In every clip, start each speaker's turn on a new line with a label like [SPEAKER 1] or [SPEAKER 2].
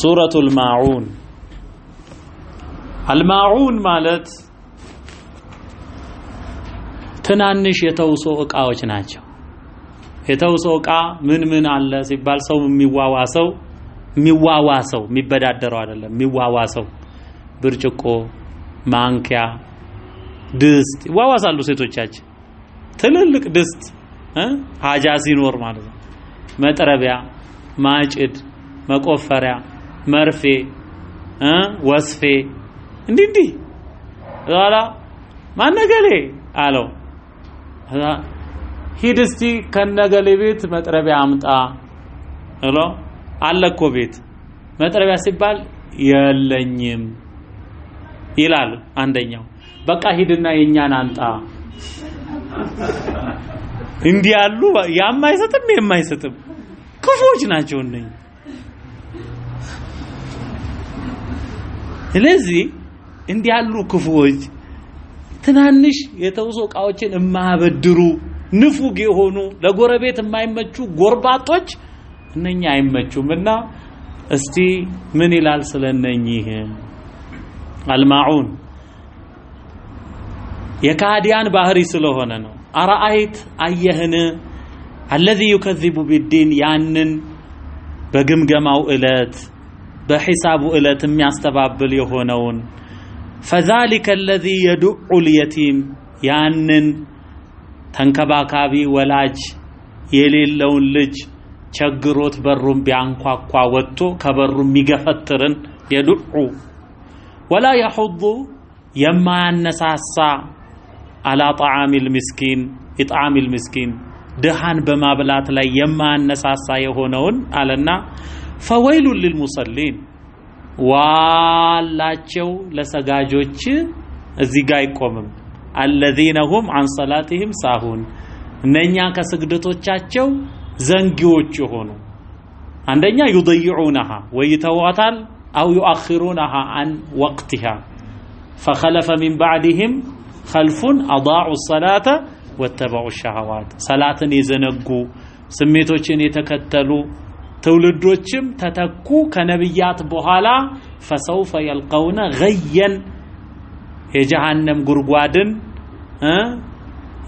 [SPEAKER 1] ሱረቱ አልማዑን አልማዑን ማለት ትናንሽ የተውሶ እቃዎች ናቸው። የተውሶ እቃ ምን ምን አለ ሲባል ሰው የሚዋዋሰው የሚዋዋሰው የሚበዳደረው አይደለም። የሚዋዋሰው ብርጭቆ፣ ማንኪያ፣ ድስት ይዋዋሳሉ ሴቶቻችን። ትልልቅ ድስት ሀጃ ሲኖር ማለት ነው። መጥረቢያ፣ ማጭድ፣ መቆፈሪያ መርፌ ወስፌ እንዲህ እንዲህ ኋላ ማነገሌ አለው። ሂድ እስቲ ከነገሌ ቤት መጥረቢያ አምጣ ብሎ አለ እኮ ቤት መጥረቢያ ሲባል የለኝም ይላል አንደኛው። በቃ ሂድና የኛን አምጣ። እንዲህ ያሉ ያም አይሰጥም የማይሰጥም ክፉዎች ናቸው እነኝ ስለዚህ እንዲያሉ ክፉዎች ትናንሽ የተውሶ እቃዎችን የማያበድሩ ንፉግ የሆኑ ለጎረቤት የማይመቹ ጎርባጦች እነኛ አይመቹም እና እስቲ ምን ይላል ስለነኚህ አልማዑን የካዲያን ባህሪ ስለሆነ ነው አራአይት አየህን አለዚ ዩከዚቡ ቢዲን ያንን በግምገማው እለት በሒሳቡ ዕለት የሚያስተባብል የሆነውን ፈዛሊከ አለዚ የዱዑል የቲም ያንን ተንከባካቢ ወላጅ የሌለውን ልጅ ቸግሮት በሩን ቢያንኳኳ ወጥቶ ከበሩ የሚገፈትርን የዱዑ ወላ የሑቡ የማያነሳሳ አላ ጣዓሚል ምስኪን ኢጣዓሚል ምስኪን ድሃን በማብላት ላይ የማያነሳሳ የሆነውን አለና فويل للمصلين والاچو لسجاجوچ ازيغاي قومم الذين هم عن صلاتهم ساهون ننيا كسجدتوچاچو زنگيوچ هونو عندنا يضيعونها ويتواتل او يؤخرونها عن وقتها فخلف من بعدهم خلف اضاعوا الصلاه واتبعوا الشهوات صلاه يزنقوا سميتوچن يتكتلوا ትውልዶችም ተተኩ ከነብያት በኋላ ፈሰውፈ የልቀውነ ገየን የጀሃነም ጉርጓድን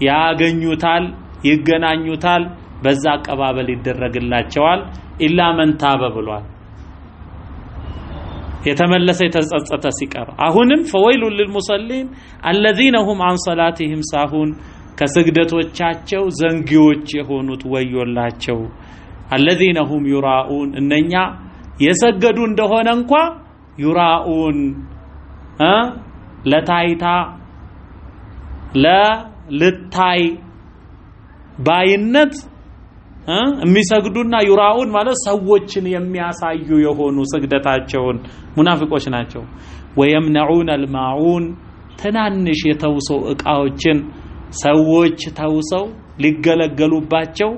[SPEAKER 1] ያገኙታል፣ ይገናኙታል። በዛ አቀባበል ይደረግላቸዋል። ኢላ መንታበ ብሏል። የተመለሰ የተጸጸተ ሲቀር አሁንም ፈወይሉን ልልሙሰሊን አለዚነ ሁም አን ሰላቲሂም ሳሁን ከስግደቶቻቸው ዘንጊዎች የሆኑት ወዮላቸው። አለዚነ ሁም ዩራኡን እነኛ የሰገዱ እንደሆነ እንኳ ዩራኡን ለታይታ ለልታይ ባይነት የሚሰግዱና ዩራኡን ማለት ሰዎችን የሚያሳዩ የሆኑ ስግደታቸውን ሙናፍቆች ናቸው። ወየምነዑን አልማዑን ትናንሽ የተውሶ እቃዎችን ሰዎች ተውሰው ሊገለገሉባቸው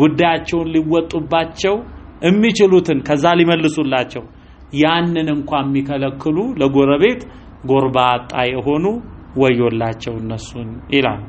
[SPEAKER 1] ጉዳያቸውን ሊወጡባቸው የሚችሉትን ከዛ ሊመልሱላቸው ያንን እንኳን የሚከለክሉ ለጎረቤት ጎርባጣ የሆኑ ወዮላቸው እነሱን ይላል።